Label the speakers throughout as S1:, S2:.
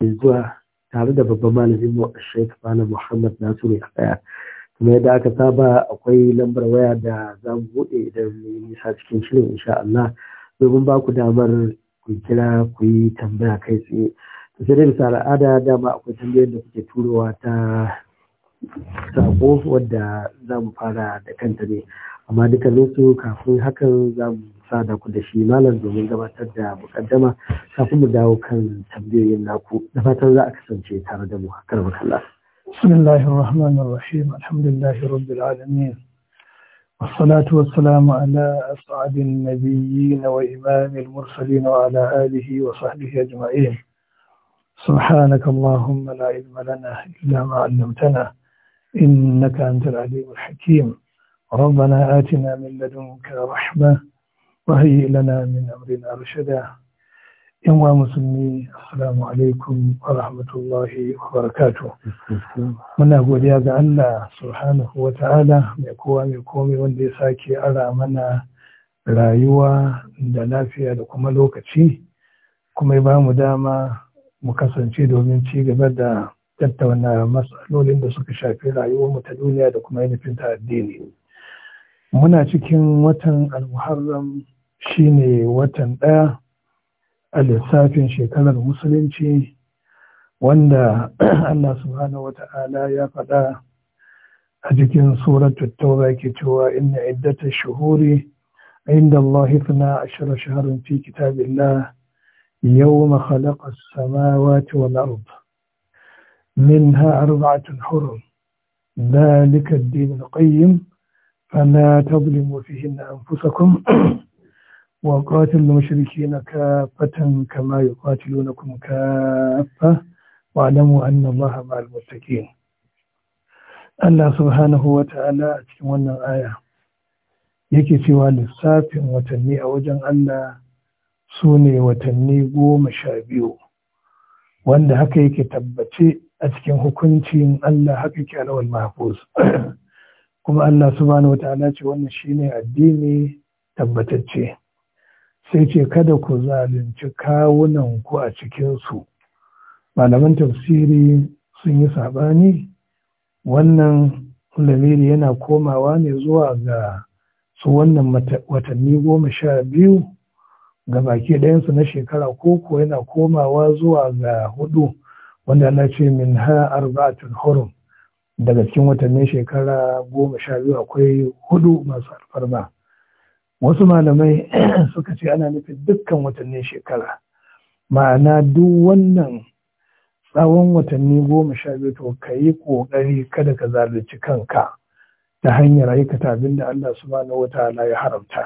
S1: mai zuwa tare da babban malamin mu Sheikh Malam Muhammad Nasiru tsaya kuma yadda aka saba akwai lambar waya da za mu buɗe idan mu nisa cikin shirin insha Allah domin ba ku damar ku kira ku yi tambaya kai tsaye Ta sai dai bisa al'ada dama akwai tambayar da kuke turowa ta sako wadda za mu fara da kanta ne amma dukkaninsu kafin hakan za mu sada ku da shi malam domin gabatar da mukaddama kafin mu dawo kan tambayoyin naku da fatan za a kasance tare da mu hakar makalla بسم الله الرحمن الرحيم الحمد لله رب العالمين والصلاة والسلام على أسعد النبيين وإمام المرسلين وعلى آله وصحبه أجمعين سبحانك اللهم لا علم لنا إلا ما علمتنا إنك أنت العليم الحكيم ربنا آتنا من لدنك رحمة
S2: وهيئ min amrin
S1: أمرنا in yanwa musulmi assalamu alaikum wa rahmatullahi wa barakatu muna godiya ga Allah subhanahu wa ta'ala mai kowa mai komai wanda ya sake ara mana rayuwa da lafiya da kuma lokaci kuma ya bamu dama mu kasance domin ci gaba da tattauna matsalolin da suka shafi rayuwarmu ta duniya da kuma yanifin ta addini muna cikin watan al-muharram shine watan ɗaya a lissafin shekarar musulunci wanda Allah subhanahu wa ta'ala ya faɗa a cikin suratul tauba ke cewa inna iddata shuhuri inda Allah ifna ashara shaharin fi kitabillah yawma khalaqa as-samawati wal ard منها أربعة حرم ذلك الدين القيم فلا تظلموا فيهن أنفسكم وقاتل المشركين كافة كما na كافة واعلموا أن الله مع المتقين Allah subhanahu wa ta'ala a cikin wannan aya yake cewa lissafin watanni a wajen Allah su ne watanni goma sha biyu wanda haka yake tabbace a cikin hukuncin Allah haka yake alawal mahfuz kuma Allah subhanahu wa ta'ala ce wannan shine addini tabbatacce sai ce kada ku zalunci kawunan ku a cikinsu malaman tafsiri sun yi saɓani wannan lamiri yana komawa ne zuwa ga su wannan watanni goma sha biyu ga baki ɗayansu na shekara ko koko yana komawa zuwa ga hudu wanda na ce min ha arba'atul hurum daga cikin watannin shekara goma sha biyu akwai hudu masu alfarma wasu malamai suka ce ana nufin dukkan watannin shekara ma'ana duk wannan tsawon watanni goma sha biyu to ka yi ƙoƙari kada ka zalunci kanka ta hanyar aikata abin da Allah subhanahu wa ta'ala ya haramta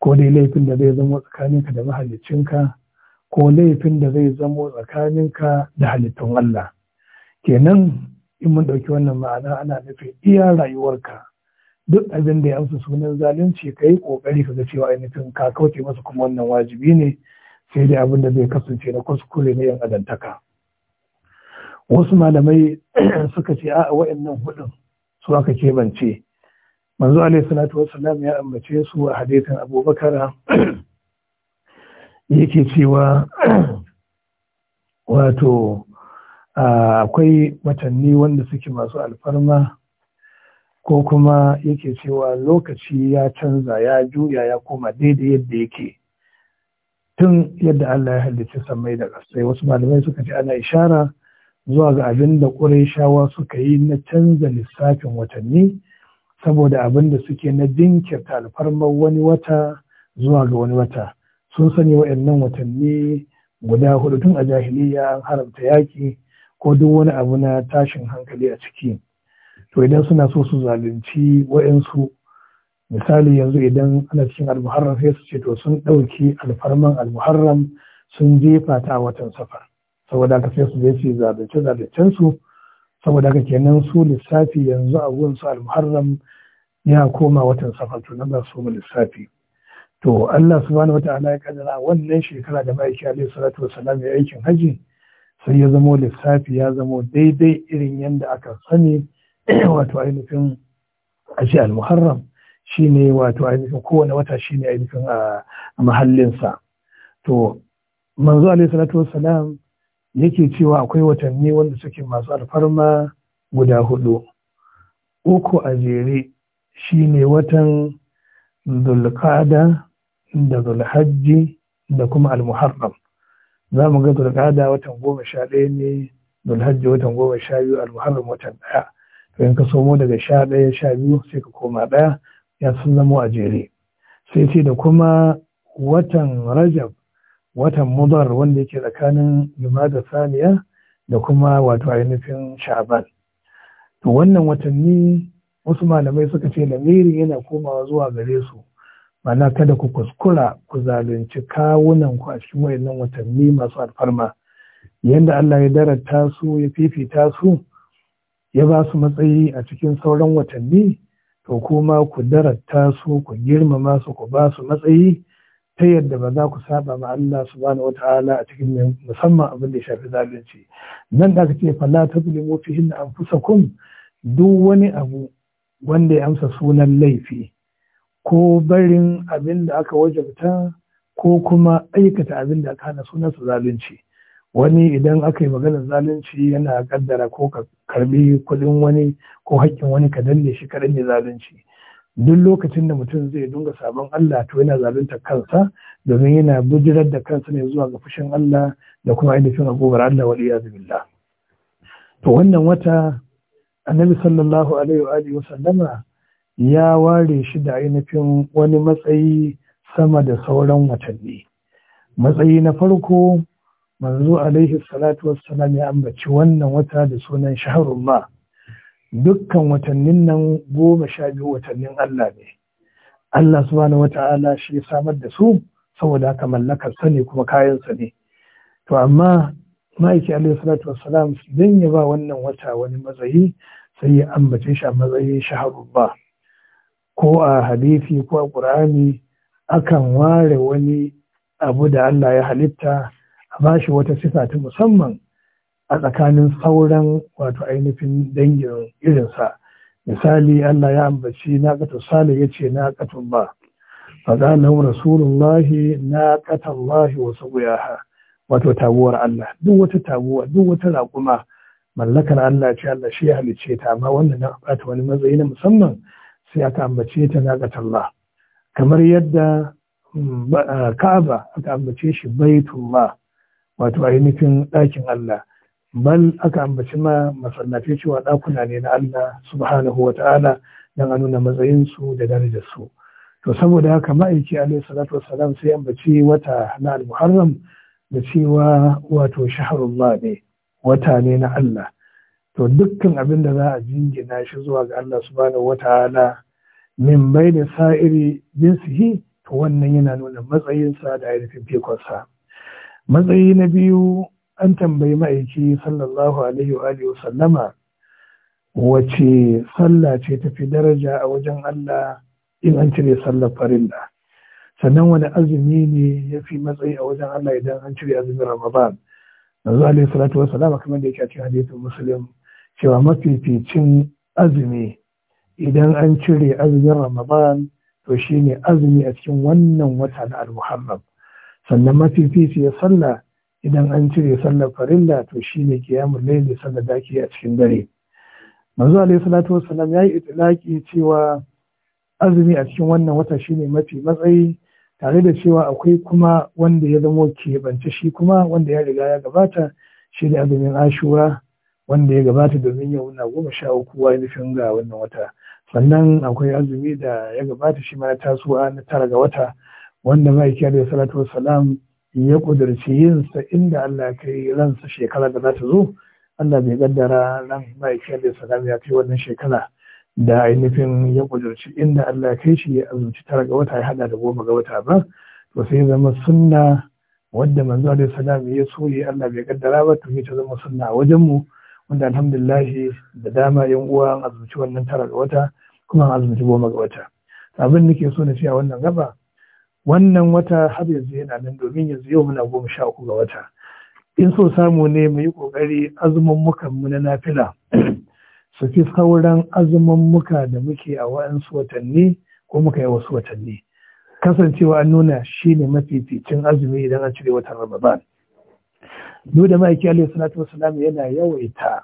S1: ko dai laifin da zai zama tsakaninka da mahaliccinka ko laifin da zai zamo tsakaninka da halittun Allah kenan in mun ɗauki wannan ma'ana ana nufin iya rayuwarka duk abin da ya amsa sunan zalunci ka yi ƙoƙari ka ga cewa ainihin ka kauce masa kuma wannan wajibi ne sai dai abin da zai kasance na kuskure na yan adantaka wasu malamai suka ce a'a wa'annan hudun su aka keɓance manzo alaihi salatu wasalam ya ambace su a hadisin abubakar yake cewa wato akwai watanni wanda suke masu alfarma ko kuma yake cewa lokaci ya canza ya juya ya koma daidai yadda yake tun yadda Allah ya halicci samai da kasai wasu malamai suka ce ana ishara zuwa ga abin da ƙurayshawa suka yi na canza lissafin watanni saboda abin da suke na jinkirta alfarmar wani wata zuwa ga wani wata sun sani wa'annan watanni guda hudu tun a jahiliya an haramta yaƙi ko duk wani abu na tashin hankali a ciki to idan suna so su zalunci wa'insu misali yanzu idan ana cikin almuharram sai su ce to sun ɗauki alfarman almuharram sun jefa ta a watan safar saboda haka sai su je su zalunce zaluncen su saboda haka kenan su lissafi yanzu a wurin su almuharram ya koma watan safar to nan za su mu lissafi to Allah subhanahu wata'ala ya kaddara wannan shekara da ma'aiki alaihi salatu wassalam ya aikin haji sai ya zamo lissafi ya zamo daidai irin yadda aka sani wato ainihin ashe al-muharram shine wato ainihin kowane wata shine ainihin a mahallinsa to manzo alaihi salatu wassalam yake cewa akwai watanni wanda suke masu alfarma guda hudu uku a jere shine watan zulqada da zulhajji da kuma al-muharram za mu ga zulqada watan goma sha ɗaya ne zulhajji watan goma sha biyu al-muharram watan ɗaya to in ka somo daga sha ɗaya sha biyu sai ka koma ɗaya ya sun zamo a jere sai ce da kuma watan rajab watan mudar wanda yake tsakanin da saniya da kuma wato ainihin sha'ban to wannan watanni wasu malamai suka ce lamiri yana komawa zuwa gare su mana kada ku kuskura ku zalunci kawunan ku a cikin wayannan watanni masu alfarma Yadda Allah ya darata su ya fifita su ya ba su matsayi a cikin sauran watanni to kuma ku daratta su ku girmama su ku ba su matsayi ta yadda ba za ku saba ma Allah subhanahu wataala a cikin musamman abin da ya shafi zalunci nan da kake fala fi fihin anfusakum duk wani abu wanda ya amsa sunan laifi ko barin abin da aka wajabta ko kuma aikata abin da aka hana sunansa zalunci wani idan aka yi maganar zalunci yana kaddara ko ka karbi kudin wani ko hakkin wani ka danne shi ka danne zalunci duk lokacin da mutum zai dunga sabon Allah to yana zalunta kansa domin yana bujirar da kansa ne zuwa ga fushin Allah da kuma ainihin agobar Allah wal billah to wannan wata annabi sallallahu alaihi wa alihi wasallama ya ware shi da ainihin wani matsayi sama da sauran watanni matsayi na farko manzo alaihi salatu wassalam ya ambaci wannan wata da sunan ma dukkan watannin nan goma sha biyu watannin Allah ne Allah subhanahu wata'ala shi ya samar da su saboda haka mallakar sa ne kuma kayan sa ne to amma maiki alaihi salatu wassalam dan ya ba wannan wata wani matsayi sai ya ambace shi a matsayin ba ko a hadisi ko a qur'ani akan ware wani abu da Allah ya halitta a ba shi wata sifa ta musamman a tsakanin sauran wato ainihin dangin irinsa misali Allah ya ambaci ya ce yace naqatu ba fada lahu rasulullahi naqatu Allah wasu sawiyaha wato taguwar Allah duk wata taguwa duk wata raƙuma mallakar Allah ce Allah shi ya halicce ta amma wannan na bata wani matsayi na musamman sai aka ambace ta naqatu ba. kamar yadda mm, Ka'aba aka ambace shi Baitullah wato ainihin ɗakin Allah bal aka ambaci ma masallatai cewa ɗakuna ne na Allah subhanahu wa ta'ala don a nuna matsayinsu da su. to saboda haka ma'aiki alaihi salatu wassalam sai ambaci wata na al-muharram da cewa wato shaharullah ne wata ne na Allah to dukkan abin da za a jingina shi zuwa ga Allah subhanahu wa ta'ala min bai da sa'iri jinsihi to wannan yana nuna matsayinsa da ainihin fikonsa. matsayi na biyu an tambayi ma'aiki sallallahu alaihi wa sallama wace sallah ce tafi daraja a wajen Allah in an cire sallar farilla sannan wani azumi ne ya fi matsayi a wajen Allah idan an cire azumin Ramadan yanzu alaihi salatu Sallama kamar da yake a cikin hadisin cewa mafificin azumi idan an cire azumin Ramadan to shine azumi a cikin wannan wata na al-Muharram sannan mafifici ya sallah idan an cire sallar farilla to shi shine qiyamul laili sallar da ake a cikin dare manzo Alayhi salatu wassalam yi itilaki cewa azumi a cikin wannan wata shi ne mafi matsayi tare da cewa akwai kuma wanda ya zamo keɓance shi kuma wanda ya riga ya gabata shi ne azumin ashura wanda ya gabata domin yau na goma sha uku wa nufin ga wannan wata sannan akwai azumi da ya gabata shi mana tasowa na tara ga wata wanda ma'aiki da salatu wassalam ya kudurci yinsa inda Allah ya kai ransa shekara da za ta zo Allah bai gaddara ran da da salam ya kai wannan shekara da ainihin ya kudurci inda Allah ya kai shi ya azumci tara ga wata ya hada da goma ga wata ba to sai zama sunna wadda manzo da salam ya so ya Allah bai gaddara ba to ta zama sunna a wajen mu wanda alhamdulillah da dama yan uwa azumci wannan tara ga wata kuma azumci goma ga wata abin nake so na ce a wannan gaba wannan wata har yanzu yana nan domin yanzu yau muna goma sha uku ga wata in so samu ne mu yi ƙoƙari azumin mukan mu na nafila su fi sauran azumin muka da muke a wa'ansu watanni ko muka yi wasu watanni kasancewa an nuna shi ne mafificin azumi idan an cire watan ramadan duk da ma'aiki alaihi salatu wasalam yana yawaita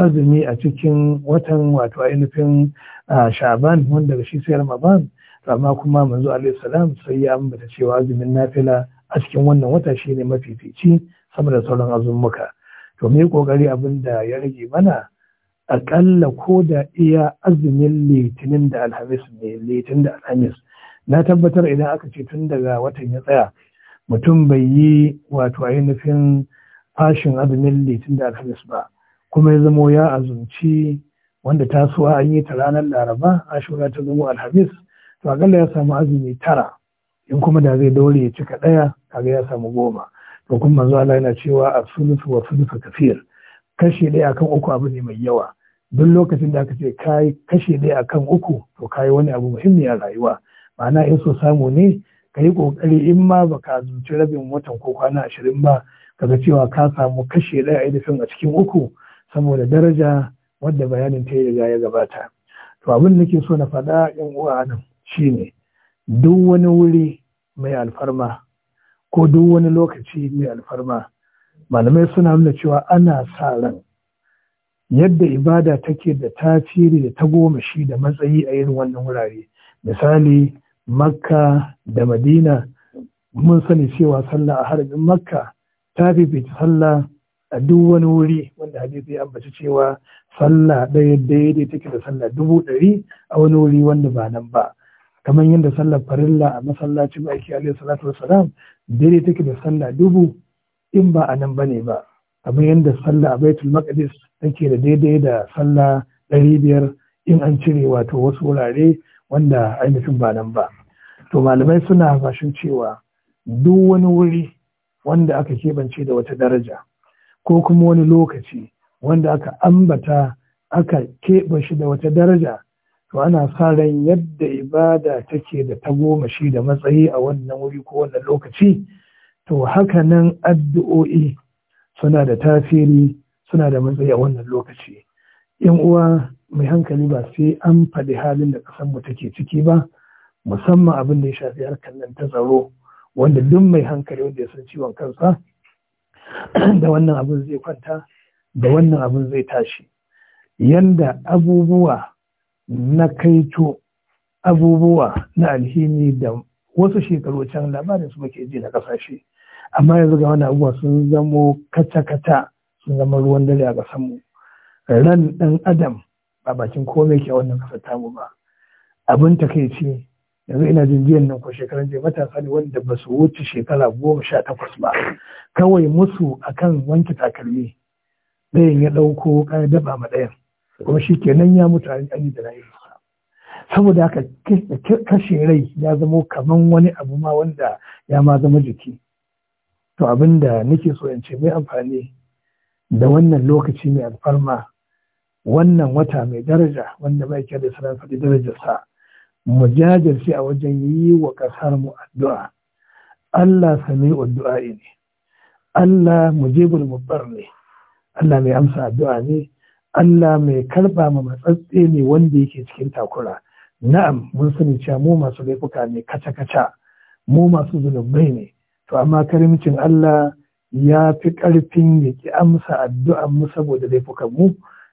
S1: azumi a cikin watan wato ainihin ah, sha'ban wanda shi sai ramadan amma kuma manzo alaihi salam sai ya ambata cewa azumin nafila a cikin wannan wata shi ne mafifici sama da sauran azumuka to me kokari abin da ya rage mana akalla ko da iya azumin litinin da alhamis ne litinin da alhamis na tabbatar idan aka ce tun daga watan ya tsaya mutum bai yi wato ainihin fashin azumin litinin da alhamis ba kuma ya zamo ya azumci wanda tasowa an yi ta ranar laraba ashura ta zamo alhamis to akalla ya samu azumi tara in kuma da zai daure ya cika ɗaya kaga ya samu goma to kuma manzo Allah yana cewa a sulusu wa sulusu kafir kashe ɗaya akan uku abu ne mai yawa duk lokacin da aka ce kai kashe ɗaya akan uku to kai wani abu muhimmi a rayuwa ma'ana in so samu ne ka yi ƙoƙari in ma ba ka zuci rabin watan ko kwana ashirin ba ka ga cewa ka samu kashe ɗaya a idafin a cikin uku saboda daraja wadda bayanin ta yi riga ya gabata to abin da nake so na faɗa yan uwa nan ne duk wani wuri mai alfarma ko duk wani lokaci mai alfarma malamai suna nuna cewa ana sa ran yadda ibada take da tasiri da ta goma shi da matsayi a irin wannan wurare misali makka da madina mun sani cewa sallah a harbin makka ta fifita sallah a duk wani wuri wanda hadisi ya ambaci cewa sallah ɗaya daidai take da sallah dubu ɗari a wani wuri wanda ba nan ba kamar yadda sallar farilla a masallacin aiki alayhi salatu wasalam daidai take da sallah dubu in ba a nan ba ne ba kamar yadda sallah a baitul maqdis take da daidai da sallah ɗari biyar in an cire wato wasu wurare wanda ainihin ba nan ba to malamai suna hasashen cewa duk wani wuri wanda aka keɓance da wata daraja ko kuma wani lokaci wanda aka ambata aka keɓe shi da wata daraja to ana sa ran yadda ibada take da ta tagomashi da matsayi a wannan wuri ko wannan lokaci to haka nan addu'o'i suna da tasiri suna da matsayi a wannan lokaci yan uwa mai hankali ba sai an faɗi halin da ƙasar mu take ciki ba musamman abin da ya shafi harkar nan ta tsaro wanda duk mai hankali wanda ya san ciwon kansa da wannan abin zai kwanta da wannan abin zai tashi yanda abubuwa na kaito abubuwa na alhini da wasu shekaru can labarin su muke ji na kasashe amma yanzu ga wani abubuwa sun zamo kata-kata sun zama ruwan dare a kasanmu ran ɗan adam ba bakin komai ke wannan kasar tamu ba abin ta takaici yanzu ina jin jiyan nan ko shekaran jiya matasa ne wanda ba su wuce shekara goma sha takwas ba kawai musu akan wanke takalmi ɗayan ya ɗauko kayan daba ma ɗayan kuma shi kenan ya mutu a yi da rayuwarsa saboda haka kashe rai ya zama kaman wani abu ma wanda ya ma zama jiki to abin da nake so in ce mai amfani da wannan lokaci mai alfarma wannan wata mai daraja wanda mai kyau da sanar faɗi darajarsa mu jajirce a wajen yi wa ƙasar mu addu'a Allah sami addu'a ne Allah mujibul mubbar ne Allah mai amsa addu'a ne Allah mai karba ma matsatse ne wanda yake cikin takura na'am mun sani cewa mu masu laifuka ne kaca-kaca mu masu zunubai ne to amma karimcin Allah ya fi ƙarfin ya ki amsa addu'an mu saboda laifukan mu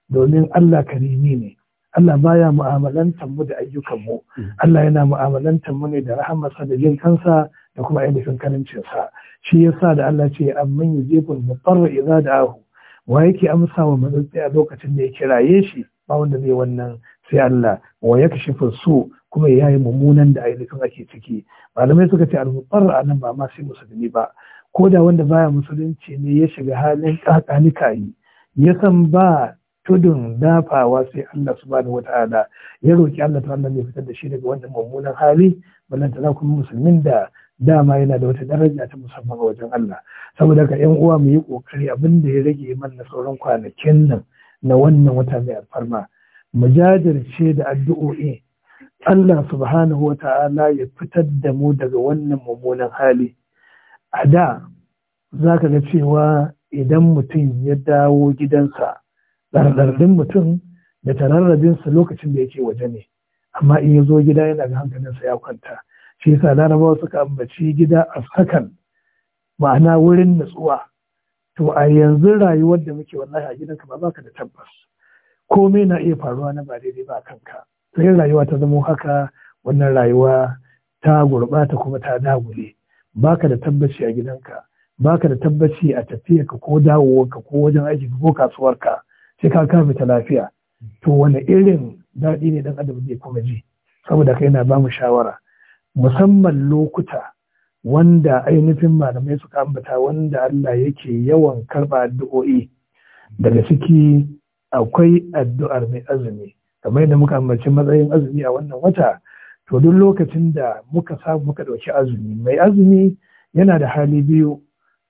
S1: domin Allah karimi ne Allah baya mu'amalantar mu da ayyukan mu mm. Allah yana mu'amalantar mu ne da rahamarsa da jin kansa da kuma ainihin karimcinsa shi yasa da Allah ce amman yujibul mutarra da ahu. wa yake amsa wa matsatsi a lokacin da ya kiraye shi ba wanda zai wannan sai Allah wa ya kashi su kuma ya yi mummunan da ainihin ake ciki malamai suka ce almutsar a nan ba ma sai musulmi ba ko da wanda baya musulunci ne ya shiga halin kakanika yi ya san ba tudun dafawa sai Allah su wata wata'ala ya roƙi Allah ta ta'ala ya fitar da shi daga wannan mummunan hali balantana kuma musulmin da dama yana da wata daraja ta musamman a wajen Allah saboda ka yan uwa mu yi kokari abin da ya rage na sauran kwanakin nan na wannan wata mai alfarma mu jajirce da addu'o'i Allah subhanahu wa ta'ala ya fitar da mu daga wannan mummunan hali a da za ka ga cewa idan mutum ya dawo gidansa ɗarɗarɗin mutum da tararrabinsa lokacin da yake waje ne amma in ya zo gida yana ga hankalinsa ya kwanta shi yasa larabawa suka ambaci gida a sakan ma'ana wurin natsuwa to a yanzu rayuwar da muke wallahi a gidanka ba baka da tabbas komai na iya faruwa na ba daidai ba kanka sai rayuwa ta zama haka wannan rayuwa ta gurɓata kuma ta dagule baka da tabbaci a gidanka baka da tabbaci a tafiya ka ko ka ko wajen aiki ko kasuwarka sai ka kafa ta lafiya to wani irin daɗi ne dan adam zai kuma ji saboda kai na ba mu shawara musamman lokuta wanda ainihin malamai suka ambata wanda Allah yake yawan karɓa addu'o'i daga ciki akwai addu'ar mai azumi kamar yadda muka ambaci matsayin azumi a wannan wata to duk lokacin da muka samu muka ɗauki azumi mai azumi yana da hali biyu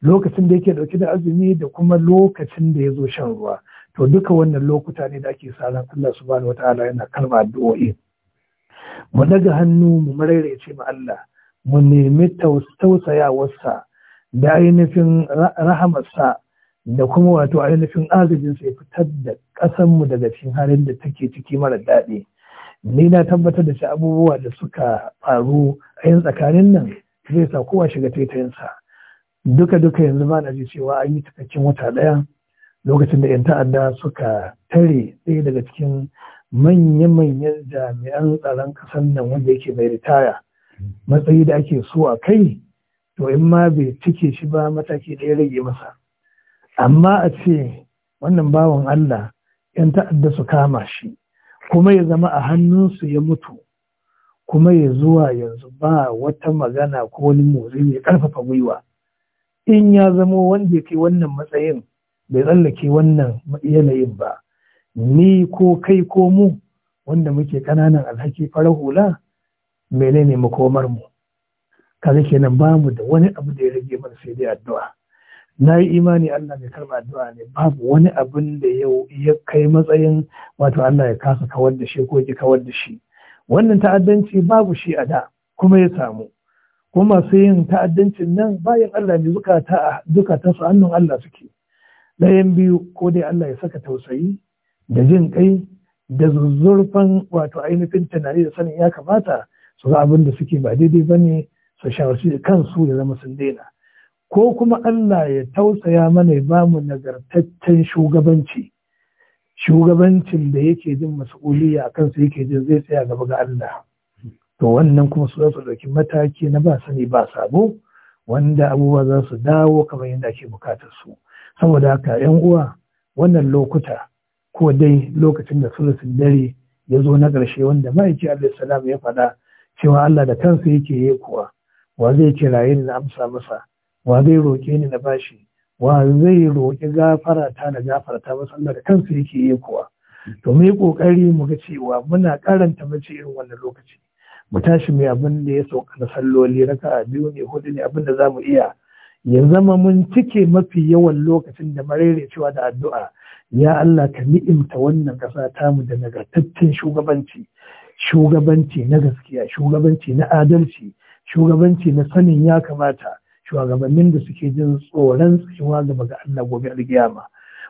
S1: lokacin da yake ɗauki da azumi da kuma lokacin da ya zo shan ruwa to duka wannan lokuta ne da ake sa ran Allah subhanahu wataala yana karɓa addu'o'i mu daga hannu mu maraice ma Allah mu nemi tausayawarsa da ainihin rahamarsa da kuma wato ainihin agajinsa ya fitar da mu daga cikin halin da take ciki mara daɗi ni na tabbatar da shi abubuwa da suka faru a yin tsakanin nan zai sa kowa shiga taitayinsa duka duka yanzu ma na ji cewa an yi cikakken wata ɗaya lokacin da yan ta'adda suka tare ɗaya daga cikin manya-manyan jami'an tsaron ƙasar nan wanda yake mai ritaya matsayi da ake so a kai to in ma bai cike shi ba mataki ɗaya rage masa amma a ce wannan bawan Allah ‘yan ta'adda su kama shi kuma ya zama a hannunsu ya mutu kuma ya zuwa yanzu ba wata magana ko wani motsi mai ƙarfafa gwiwa in ya zamo wanda ya kai wannan matsayin bai tsallake wannan yanayin ba ni ko kai ko mu wanda muke ƙananan alhaki farar hula menene makomar mu kaga kenan ba mu da wani abu da ya rage mana sai dai addu'a na yi imani Allah mai karɓa addu'a ne babu wani abin da ya kai matsayin wato Allah ya kasa kawar da shi ko ki kawar da shi wannan ta'addanci babu shi a da kuma ya samu kuma masu yin ta'addancin nan bayan Allah ne zukata su hannun Allah suke ɗayan biyu ko dai Allah ya saka tausayi da jin kai da zuzzurfan wato ainihin tunani da sanin ya kamata su ga abin da suke ba daidai ba ne su shawarci da kansu ya zama sun daina ko kuma Allah ya tausaya mana ya bamu nagartaccen shugabanci shugabancin da yake jin mas'uliya a kansa yake jin zai tsaya gaba ga Allah to wannan kuma su su mataki na ba sani ba sabo wanda abubuwa za su dawo kamar yadda ake bukatar su saboda haka yan uwa wannan lokuta ko dai lokacin da sulusin dare ya zo na ƙarshe wanda ma'aiki alaihi salam ya faɗa cewa Allah da kansa yake yi kuwa wa zai kiraye ni na amsa masa wa zai roƙe ni na bashi wa zai roƙi gafara ta na gafarta masa Allah da kansa yake yi kuwa to mu yi ƙoƙari mu ga cewa muna karanta mace irin wannan lokaci mu tashi mai abin da ya sauka na salloli raka biyu ne hudu ne abin da za mu iya ya zama mun cike mafi yawan lokacin da marere cewa da addu'a ya Allah ka ni'imta wannan ƙasa tamu da nagartaccen shugabanci shugabanci na gaskiya shugabanci na adalci shugabanci na sanin ya kamata shugabannin da suke jin tsoron tsayuwa gaba ga Allah gobe alkiyama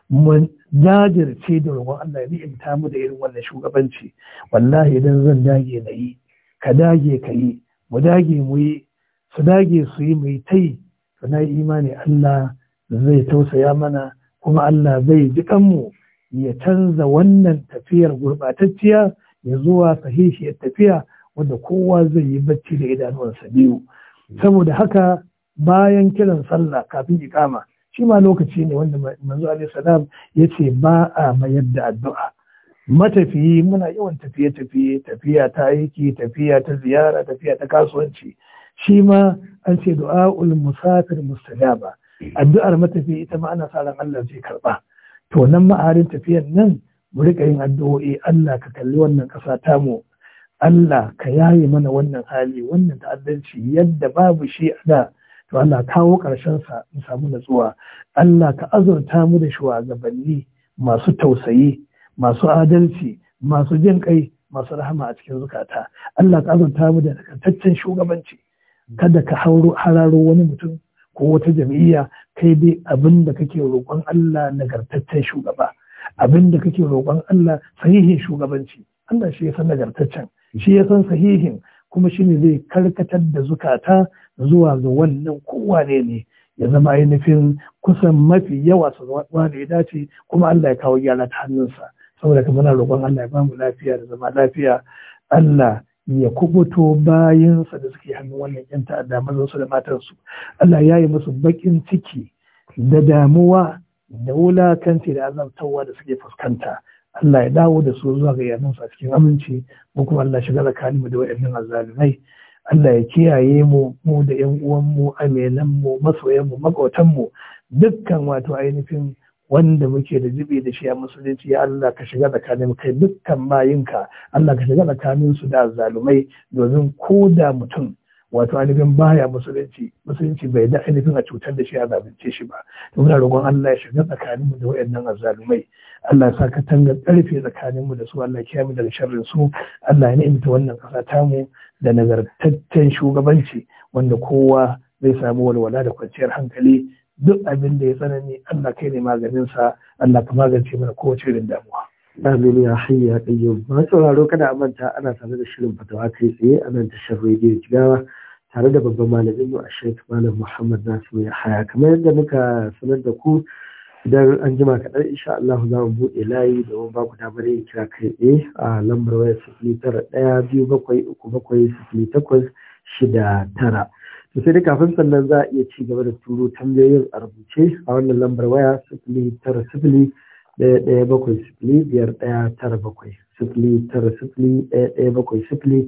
S1: mun jajirce da roƙon Allah ya ni'imta mu da irin wannan shugabanci wallahi idan zan dage na yi ka dage ka yi mu dage mu yi su dage su yi mu yi ta yi na imani Allah zai tausaya mana kuma Allah zai ji kanmu ya canza wannan tafiyar gurɓatacciya ya zuwa sahihiyar tafiya wanda kowa zai yi bacci da idanuwansa biyu saboda haka bayan kiran sallah kafin ikama shi ma lokaci ne wanda manzo alaihi salam ya ce ba a mayar da addu'a matafiyi muna yawan tafiye-tafiye tafiya ta aiki tafiya ta ziyara tafiya ta kasuwanci shi ma an ce du'a'ul musafir mustajaba addu'ar matafi ita ma ana sa ran Allah zai karba to nan ma'arin tafiyar nan mu rika yin addu'o'i Allah ka kalli wannan ƙasa tamu Allah ka yaye mana wannan hali wannan ta'addanci yadda babu shi a da to Allah kawo ƙarshen sa mu samu natsuwa Allah ka azurta mu da shugabanni masu tausayi masu adalci masu jin kai masu rahama a cikin zukata Allah ka azurta mu da nagartaccen shugabanci kada ka hararo wani mutum ko wata jam'iyya kai dai abin da kake roƙon Allah nagartaccen shugaba abin da kake roƙon Allah sahihin shugabanci Allah shi yasan nagartaccen shi yasan sahihin kuma shi ne zai karkatar da zukata zuwa ga wannan kowane ne ya zama ainihin kusan mafi yawa su zama da ya dace kuma Allah ya kawo gyara ta hannunsa saboda kamar muna roƙon Allah ya ba lafiya da zama lafiya Allah ya kubuto bayansa da suke hannun wannan yan ta'adda mazansu da matansu Allah ya yi musu baƙin ciki da damuwa da wulakanci da azabtawa da suke fuskanta Allah ya dawo da su zuwa ga a cikin aminci mu kuma Allah shiga tsakanin mu da wayannan azzalumai Allah ya kiyaye mu mu da yan uwan mu aminan mu masoyan mu makotan dukkan wato ainihin wanda muke da jibi da shi a musulunci ya Allah ka shiga tsakanin kai dukkan mayinka Allah ka shiga tsakanin su da zalumai domin ko da mutum wato ainihin baya musulunci musulunci bai da ainihin a cutar da shi a zabince shi ba to muna roƙon Allah ya shiga tsakanin mu da wayannan azzalumai Allah ya sa ka tanga karfe tsakanin mu da su Allah ya mu daga sharrin su Allah ya ni'imta wannan ƙasa tamu da nagartaccen shugabanci wanda kowa zai samu walwala da kwanciyar hankali duk abin da ya tsanani Allah kai ne maganin sa Allah ka magance mana kowace irin damuwa Amin ya hayya kayyum masu sauraro kada a manta ana tare da shirin fatawa kai tsaye a nan tashar rediyo jigawa tare da babban malamin mu a shek malam Muhammad Nasiru ya haya kamar yadda muka sanar da ku idan an jima kaɗan insha Allah za mu buɗe layi da ba ku damar yin kira kai tsaye a lambar wayar sifili tara ɗaya biyu bakwai uku bakwai sifili takwas shida tara. to sai dai kafin sannan za a iya ci gaba da turo tambayoyin a rubuce a wannan lambar waya sifili tara sifili ɗaya ɗaya bakwai sifili biyar ɗaya tara bakwai sifili tara sifili ɗaya ɗaya bakwai sifili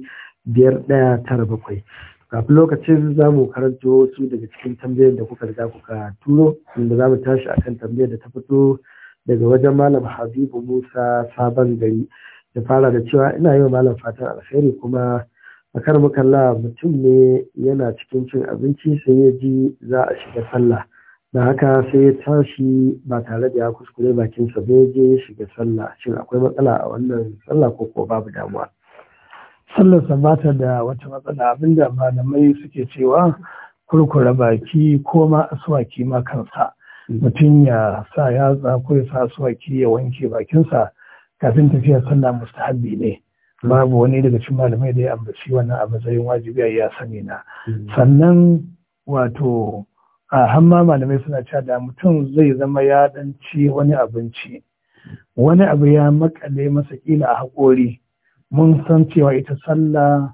S1: biyar ɗaya tara bakwai kafin lokacin za mu karanto su daga cikin tambayoyin da kuka riga kuka turo inda za mu tashi akan tambayar da ta fito daga wajen malam habibu musa sabon gari da fara da cewa ina yi wa malam fatan alheri kuma a kar makalla mutum ne yana cikin cin abinci sai ya ji za a shiga sallah da haka sai ya tashi ba tare da ya kuskure bakinsa ba ya je ya shiga sallah shin akwai matsala a wannan sallah ko ko babu damuwa sallar sa sabata da wata matsala abinda malamai suke cewa kurkura baki ko ma aswaki ma kansa hmm. mutum ya sa yatsa ko ya sa aswaki ya wanke bakinsa kafin tafiya sallah mustahabbi ne Hmm. babu wani daga cikin malamai da ya ambaci wannan a matsayin wajibi a ya sani na hmm. sannan wato a hamma malamai suna cewa da mutum zai zama ya ci wani abinci wani abu ya makale masa kila a haƙori mun san cewa ita sallah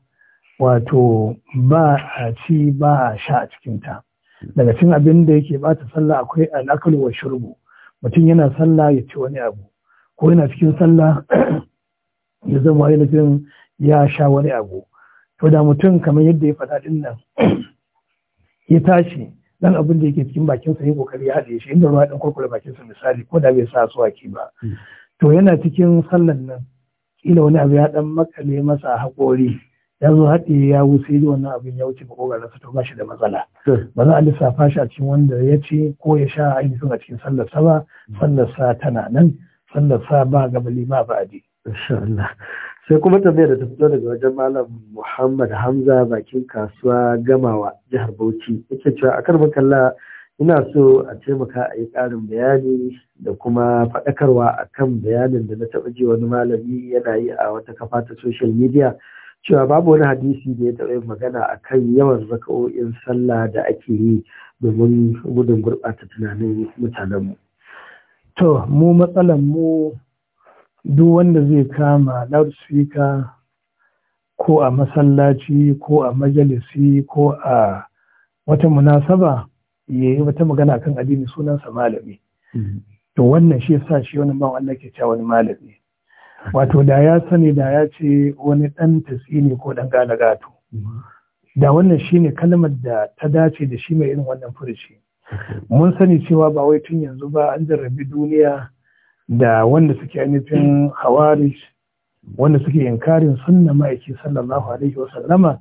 S1: wato ba a ci ba a sha a cikinta hmm. daga cin abin da yake bata sallah akwai al'akalu wa shurbu mutum yana sallah ya ci wani abu ko yana cikin sallah ya zama ainihin ya sha wani abu to da mutum kamar yadda ya faɗa ɗin nan ya tashi dan abin da yake cikin bakin sa ya kokari ya haɗe shi inda ruwa ɗan kurkure bakin sa misali ko da bai sa su waki ba hmm. to yana cikin sallan nan kila wani abu ya ɗan makale masa haƙori ya zo haɗe ya wuce da wannan abin ya wuce makogarin sa to ba shi da matsala hmm. ba za a lissafa shi a cikin wanda ya ce ko ya sha a yi a cikin sallar sa ba hmm. sallar sa tana nan sallar sa ba gabali ba ba'adi sai kuma tambayar da ta fito daga wajen malam muhammad hamza bakin kasuwa gamawa jihar bauchi yake cewa a kan kalla ina so a taimaka a yi ƙarin bayani da kuma faɗakarwa a kan bayanin da na taɓa ji wani malami yana yi a wata kafa ta social media cewa babu wani hadisi da ya taɓa yin magana a kan yawan zaka'o'in sallah da ake yi domin gudun gurɓata tunanin mutanenmu. To, mu matsalan mu duk wanda zai kama loudspeaker ko a masallaci ko a majalisi ko a wata munasaba ya yi wata magana kan addini sunansa malami mm-hmm. to wannan shi yasa shi wani bawan Allah ke cewa wani malami wato da ya sani da ya ce wani dan tasini ko ɗan gane gato mm-hmm. da wannan shine kalmar da ta dace da shi mai irin wannan furuci mun sani cewa ba wai tun yanzu ba an jarrabi duniya da wanda suke ainihin hawari wanda suke inkarin sunna ma'aiki sallallahu alaihi wasallama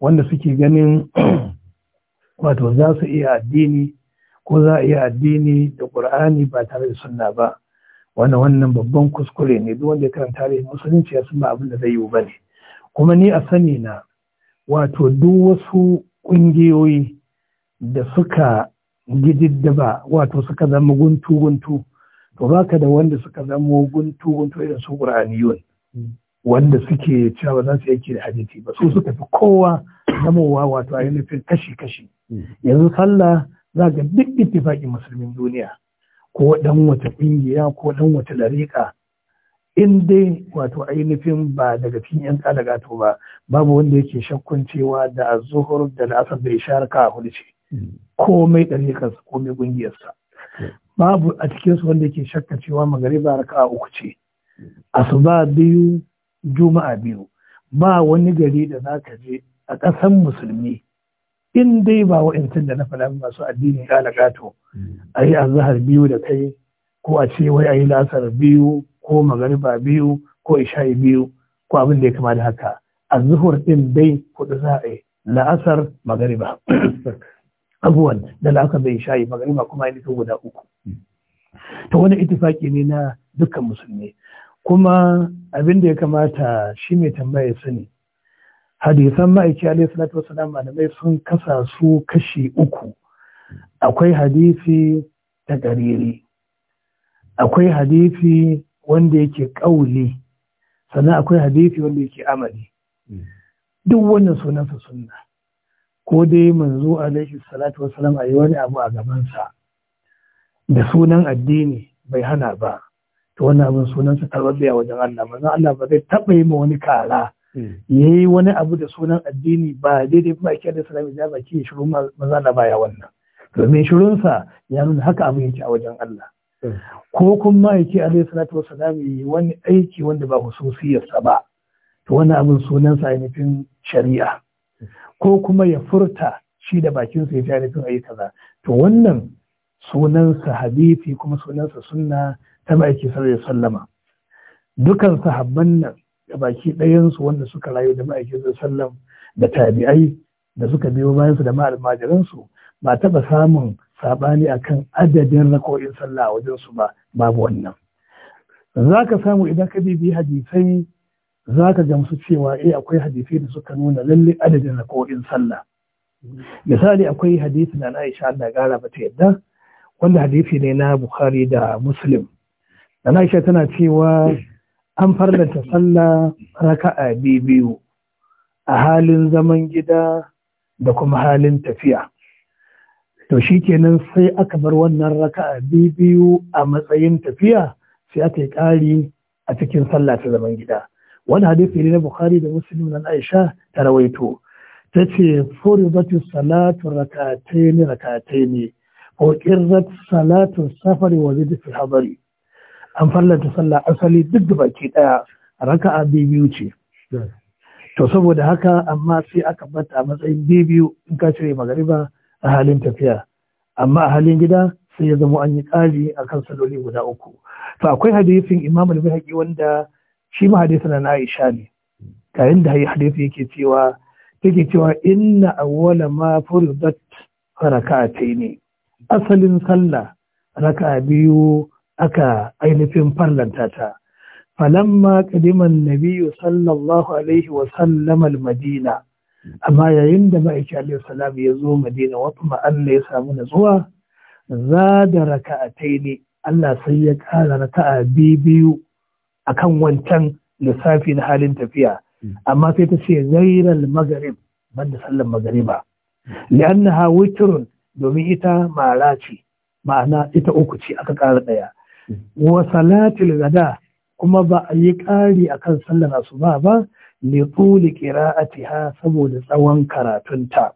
S1: wanda suke ganin wato za su iya addini ko za a iya addini da ƙur'ani ba tare da sunna ba wannan wannan babban kuskure ne duk wanda ya karanta tarihin musulunci ya ba abin da zai yi ba ne kuma ni a sani na wato duk wasu ƙungiyoyi da suka gididdaba wato suka zama guntu-guntu to baka da wanda suka zamo guntu guntu da su qur'aniyun hmm. wanda suke cewa za su yake da hadisi ba su suka fi kowa zamowa wato ainihin kashi kashi hmm. yanzu sallah za ga duk ittifaqin musulmin duniya ko dan wata kungiya ko dan wata dariƙa in dai wato ainihin ba daga cikin yan kalagato ba babu wanda yake shakkun cewa da azuhur da al'asar da ishar ka hudu ce hmm. komai dariƙarsa komai ƙungiyarsa babu a cikinsu wanda ke shakka cewa magariba raka'a uku ce asuba biyu juma'a biyu ba wani gari da za ka je a ƙasan musulmi in dai ba intan da na faɗa masu addinin gato hmm. a yi azahar biyu da kai ko a ce wai a yi lasar biyu ko magariba biyu ko isha'i biyu ko abin da ya kama da haka a zuhur ɗin dai kuɗi za a yi la'asar magariba abuwan da la'aka bai shayi magariba kuma ainihin guda uku ta wani itifaki ne na dukkan musulmi kuma abin da ya kamata shi mai tambaya ne. hadisan ma'aiki alaihi salatu da malamai sun kasa su kashi uku akwai hadisi ta gariri akwai hadisi wanda yake ƙauli sannan akwai hadisi wanda yake amali hmm. duk wannan sunansa sunna ko dai manzo alaihi salatu wasalam a yi wani abu a gabansa da sunan addini bai hana ba to wannan abin sunansa karɓaɓɓe a wajen Allah manzo Allah ba zai taɓa yi ma wani kara hmm. ya yi wani abu da sunan addini ba daidai ba kiyar da salami da baki ya shiru maza na baya wannan domin shirunsa ya nuna haka abu yake a wajen Allah hmm. ko kuma yake alaihi salatu wasalam ya yi wani aiki wanda ba hususiyarsa ba to wannan abin sunansa ainihin shari'a ko kuma ya furta shi da bakinsa ya ji a yi kaza to wannan sunansa hadisi kuma sunansa sunna ta baki sallallahu sallama dukan sahabban nan da baki ɗayansu wanda suka rayu da ma'aikin sallam da tabi'ai da suka biyo bayansu da ma'almajiran ba taɓa samun saɓani akan adadin rako'in sallah a wajen ba babu wannan za ka samu idan ka bibi hadisai za ka gamsu cewa eh akwai hadisi da suka nuna lalle adadin raka'o'in sallah misali akwai hadisi na Aisha Allah gara ba ta yadda wanda hadisi ne na Bukhari da Muslim na Aisha tana cewa an farlanta sallah raka'a biyu a halin zaman gida da kuma halin tafiya to shikenan sai aka bar wannan raka'a biyu a matsayin tafiya sai aka yi ƙari a cikin sallah ta zaman gida wani hadisi ne na bukhari da muslim na aisha ta rawaito ta ce furizatu salatu rakataini rakataini ko qirrat salatu safari wa zid fi hadari an fallanta sallah asali duk da baki daya raka'a biyu ce to saboda haka amma sai aka bata a matsayin biyu in ka cire magariba a halin tafiya amma a halin gida sai ya zama an yi ƙari akan saloli guda uku to akwai hadisin imam al-bihaqi wanda shi ma hadisin na Aisha ne ga hayi hadisi yake cewa take cewa inna awwala ma furidat rak'ataini asalin sallah raka'a biyu aka ainihin farlanta ta falamma qadiman nabiyyu sallallahu alaihi wa sallam al-madina amma yayin da ma'aiki alaihi salam ya zo madina wata ma'alla ya samu natsuwa za da raka'ataini Allah sai ya ƙara raka'a biyu a kan wancan lissafi na halin tafiya hmm. amma sai ta ce gairal magarib banda sallan magariba hmm. li'annaha witrun domin ita mara ce ma'ana ita uku ce aka ƙara ɗaya hmm. wa salatul gada kuma ba a yi ƙari akan sallar asuba ba ne li tuli qira'atiha saboda tsawon karatunta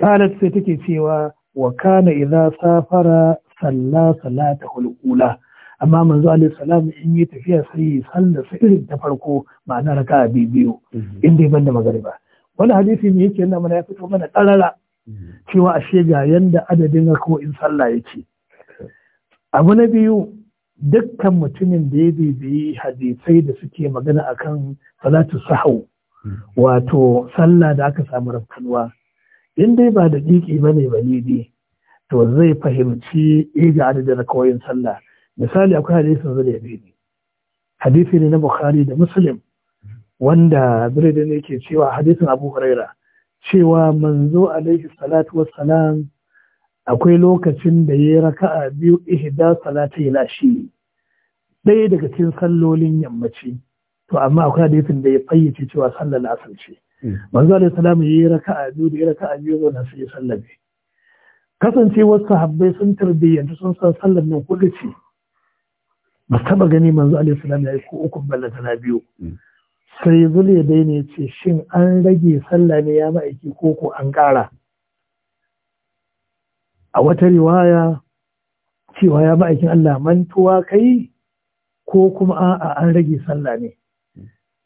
S1: qalat sai take cewa wa kana idza safara salla ta hulƙula amma manzo alaihi salam in yi tafiya sai sallar sallasa irin ta farko ma'ana raka raka'a biyu ban mhm. da banda magariba wani hadisi ne yake yana mana ya fito mana karara mhm. cewa ashe ga yanda adadin in sallah yake abu na biyu dukkan mutumin da ya bibiyi hadisai da suke magana akan salatu sahau mhm. wato sallah da aka samu rafkanuwa in dai ba da ƙiƙi ba ne balidi to zai fahimci iga eh, adadin rakawoyin sallah misali akwai hadisin ya zuliyadini hadisi ne na bukhari da muslim wanda ne ke cewa hadisin abu huraira cewa manzo alaihi salatu wassalam akwai lokacin da ya yi raka'a biyu ihda salati ila shi ɗaya daga cikin sallolin yammaci to amma akwai hadisin da ya fayyace cewa sallar asar ce hmm. manzo alaihi salam ya yi raka'a biyu da ya raka'a biyu zo na sai kasancewar sahabbai sun tarbiyyantu sun san sallar nan ce ba taba gani manzo alayhi salam ya yi uku ballata na biyu mm. sai zule dai ne ce shin an rage sallah ne ya ma'aiki ko ko an ƙara a wata riwaya cewa ya ma'aikin Allah mantuwa kai ko kuma a'a an rage sallah ne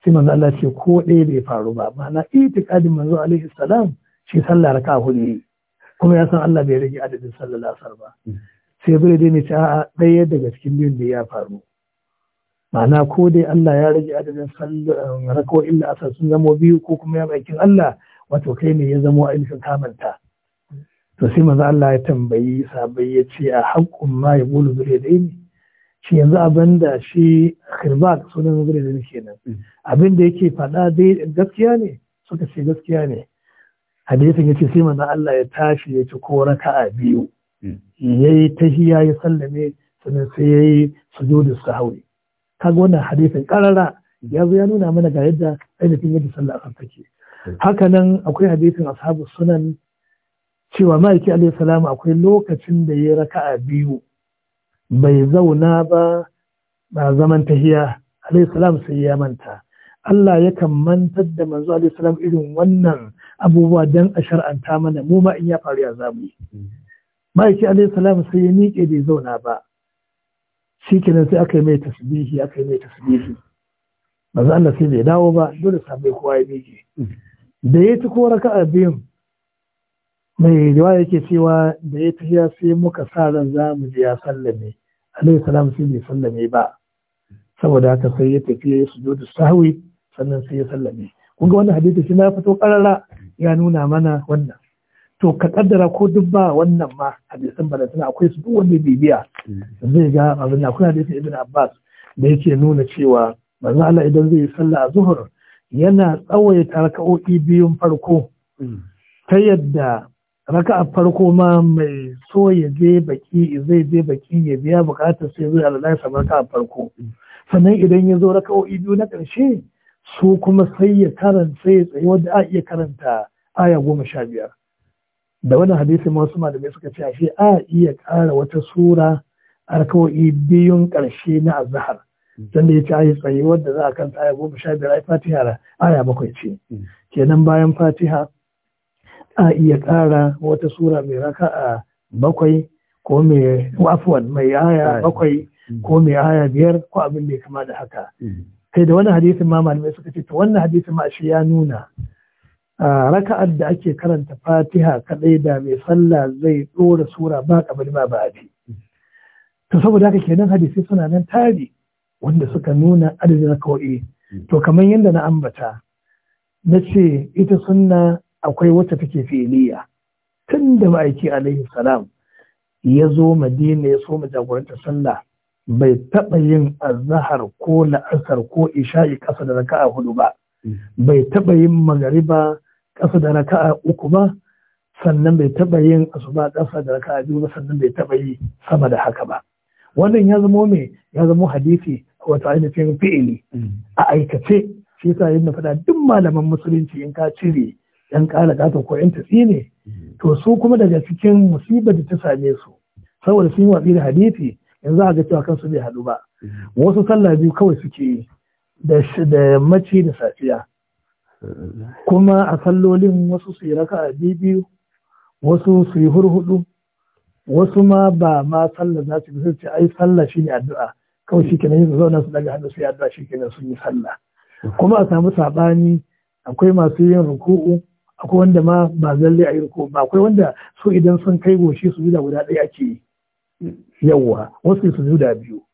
S1: sai manzo Allah ce ko ɗaya bai faru ba ma'ana itikadin manzo alayhi salam shi sallah raka hudu kuma ya san Allah bai rage adadin sallar asar ba mm. sai bai dai ne a'a ɗaya daga cikin biyun da ya faru ma'ana ko dai Allah ya rage adadin rako'in illa asa sun zamo biyu ko kuma ya bakin Allah wato kai ne ya zamo ainihin kamanta to sai maza Allah ya tambayi sabai ya ce a haƙƙun ma ya bulu zure da ne shi yanzu abin da shi kirbak sunan zure da kenan mm. abin da yake faɗa dai gaskiya ne suka ce gaskiya ne hadisin ya ce sai maza Allah ya tashi ya ci ko raka'a biyu ya yi tahiya ya sallame sannan sai ya yi sujudu sahwi kaga wannan hadisin karara ya zo ya nuna mana ga yadda ainihin yadda sallah akan take haka nan akwai hadisin ashabu sunan cewa ma'aiki alaihi salam akwai lokacin da ya raka a biyu bai zauna ba ba zaman tahiya alaihi salam sai ya manta Allah ya kan mantar da manzo alaihi salam irin wannan abubuwa dan a shar'anta mana mu ma in ya faru ya zamu ma'aiki alaihi sai ya miƙe bai zauna ba shi kenan sai aka yi mai tasbihi aka yi mai tasbihi manzo Allah sai bai dawo ba dole sabai kowa ya miƙe da ya ci ko raka'a biyun mai riwaya yake cewa da ya tafiya sai muka sa ran za mu je ya sallame alaihi sai bai sallame ba saboda haka sai ya tafi ya sujudu sahwi sannan sai ya sallame kun ga wannan hadisi shi na fito karara ya nuna mana wannan to ka kaddara ko duk ba wannan ma hadisan ba da suna akwai su duk wanda bibiya zai ga abin da hadisin ibn abbas da yake nuna cewa manzo Allah idan zai yi sallah a zuhur yana tsawaita raka'o'i biyun farko hmm. ta yadda raka'a farko ma mai so ya je baki zai je baki ya biya bukatar sai zai Allah ya raka'a farko hmm. sannan idan ya zo raka'o'i biyu na ƙarshe su kuma sai ya karanta sai ya tsaye wanda a iya karanta aya goma sha biyar da wani hadisin wasu malamai suka ce ashe a iya ƙara wata sura arkawai biyun ƙarshe na azhar dan da yace ayi tsaye wanda za a kan aya goma sha biyar ayi fatiha aya bakwai ce mm. kenan bayan fatiha a iya kara wata sura mai raka'a bakwai ko mai afwan mai aya bakwai mm. ko mai aya biyar ko abin da ya kama da haka mm. kai da wani hadisin ma malamai suka ce to wannan hadisin ma shi ya nuna raka'ar da ake karanta fatiha kaɗai da mai sallah zai ɗora sura ba kabari ba abi to saboda haka kenan hadisi suna nan tari wanda suka nuna adadin kawai to kamar yadda na ambata na ce ita sunna akwai wata take filiya tun da ma'aiki alaihi salam ya zo madina ya so jagoranta sallah bai taɓa yin azahar ko la'asar ko isha'i ƙasa da raka'a hudu ba hmm. bai taɓa yin magariba ƙasa da raka'a uku ba sannan bai taɓa yin asuba ƙasa da raka'a biyu ba sannan bai taɓa yi sama da haka ba wannan ya zamo me ya zamo hadisi wato ainihin fi'ili a aikace shi yasa yin na faɗa duk malaman musulunci in ka cire yan ƙara ƙasa ko yan tatsi ne to su kuma daga cikin musibar da ta same su saboda sun yi watsi da hadisi yanzu a ga cewa kansu bai haɗu ba mm. wasu sallah biyu kawai suke yi da mace da safiya kuma a sallolin wasu su yi raka a biyu wasu su yi hurhudu wasu ma ba ma sallah za su bi ce ai sallah shi ne addu'a kawai shi kenan yin zauna su daga hannu su yi addu'a shi kenan sun yi sallah kuma a samu saɓani akwai masu yin ruku'u akwai wanda ma ba zalle a yi ruku'u ba akwai wanda su idan sun kai goshi su juda guda ɗaya ake yi wasu su da biyu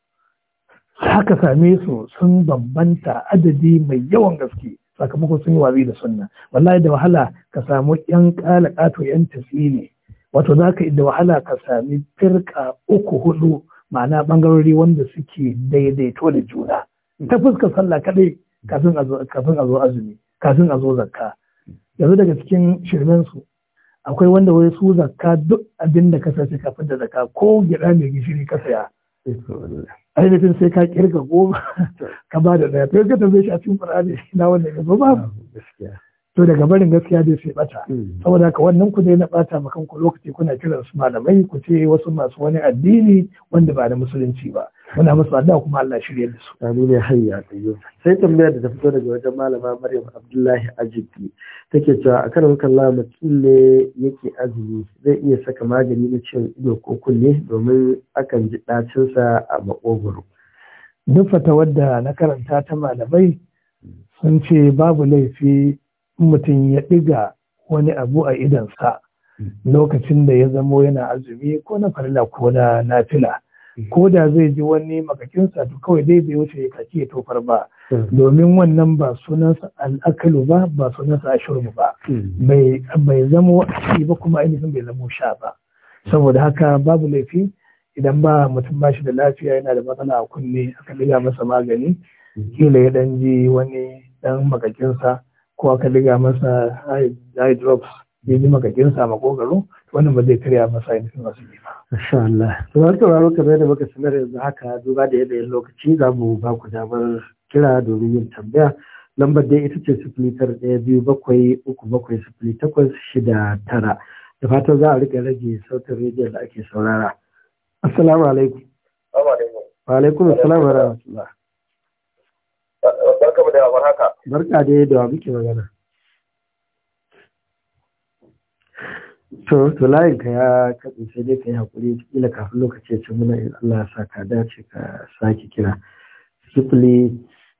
S1: haka same su sun bambanta adadi mai yawan gaske sakamakon sun yi wazi da sunna wallahi da wahala ka samu yan kato yan tasiri wato za ka da wahala ka sami firka uku hudu ma'ana bangarori wanda suke daidaito da juna ta fuskar sallah kadai kafin a zo azumi kafin a zo zakka yanzu daga cikin shirmen su akwai wanda wai su zakka duk abinda ka sace kafin da zakka ko gida mai gishiri ka saya ainihin sai ka kirga goma ka ba da daya to ka tambaye shi a cikin ƙur'ani na wannan ya ba to daga barin gaskiya dai sai bata hmm. saboda ka wannan ku dai na bata makan ku lokaci kuna kiran su malamai ku ce wasu masu wani addini wanda ba da musulunci ba muna musu addu'a kuma Allah shirye da su amin ya hayya tayyo sai tambayar da ta fito daga wajen malama Maryam Abdullahi Ajibi take cewa a karin kalla mutum ne yake azumi zai iya saka magani na ciwon ido ko kunne domin akan ji dacinsa a makogoro duk fatawar da na karanta ta malamai sun ce babu laifi mutum ya ɗiga wani abu a idansa mm. lokacin da ya zamo yana azumi ko na farila ko na nafila mm. ko da zai ji wani makakinsa to kawai dai bai wuce ya kaki ya tofar ba mm. domin wannan ba sunansa al'akalu ba ba sunansa ashurbu ba bai zamo shi ba kuma ainihin bai zamo sha ba saboda haka babu laifi idan ba mutum ba shi da lafiya yana da matsala a kunne aka ɗiga masa magani kila ya ɗan ji wani ɗan makakinsa ko aka diga masa high drops ya ji makakin sa makogaro wannan ba zai karya masa yin sun wasu ba. Masha Allah. To ta wani kamar yadda muka sanar yanzu haka duba da yadda yin lokaci za mu ba ku damar kira domin yin tambaya. Lambar dai ita ce sifili ɗaya biyu bakwai uku bakwai sifili takwas shida tara. Da fatan za a riƙa rage sautin rediyon da ake saurara. Assalamu alaikum. Wa alaikum assalam wa rahmatullah. mu da warhaka. barka dai da muke magana to to layin ka ya katse sai dai ka yi hakuri kila kafin lokaci ya ci muna in Allah ya sa ka dace ka sake kira sifili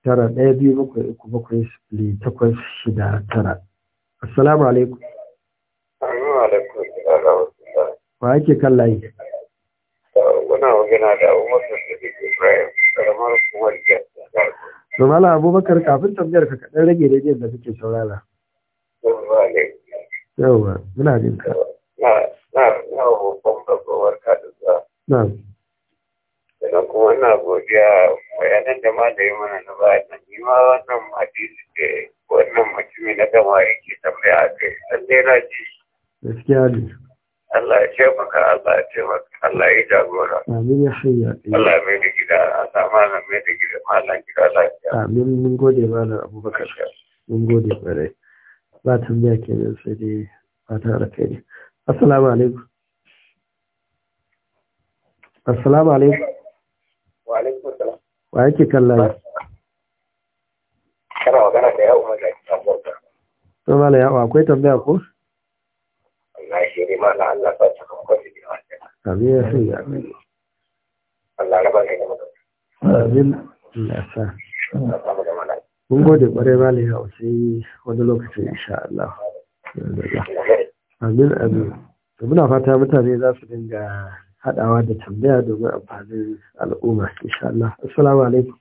S1: tara ɗaya biyu bakwai uku bakwai sifili takwas shida
S3: tara assalamu alaikum wa ake kan layi muna magana da umar da ke ibrahim karamar kuma da to mala abubakar kafin tambayar ka kaɗan rage da da kake saurara yawa muna jin ka na na na babban za na kuma ina godiya bayanan da malai mana na bayan nan ni ma wannan hadisi ce wannan mutumi na gama yake tambaya a kai lallai na ji
S1: gaskiya ne
S3: Allah ya taimaka Allah ya taimaka Allah ya jagora
S1: amin ya hayya Allah ya
S3: mai da gida Allah malam mai da gida malam gida lafiya
S1: amin mun gode malam Abubakar mun gode kwarai
S3: ba tambaya kenan sai dai fatan alkhairi assalamu alaikum assalamu alaikum wa alaikum assalam wa yake kallon kana magana da yawo mai da abubuwa
S1: to malam yawo akwai tambaya ko
S3: mana Allah ta sakamakon da
S1: gina wajen. Amin ya fi ya fi. Allah raba ne da mutum. Amin. Allah sa. Mun gode kwarai ba ya sai wani lokacin insha Allah. Amin amin. Muna fata mutane za su dinga haɗawa da tambaya domin amfanin al'umma insha Allah. Assalamu alaikum.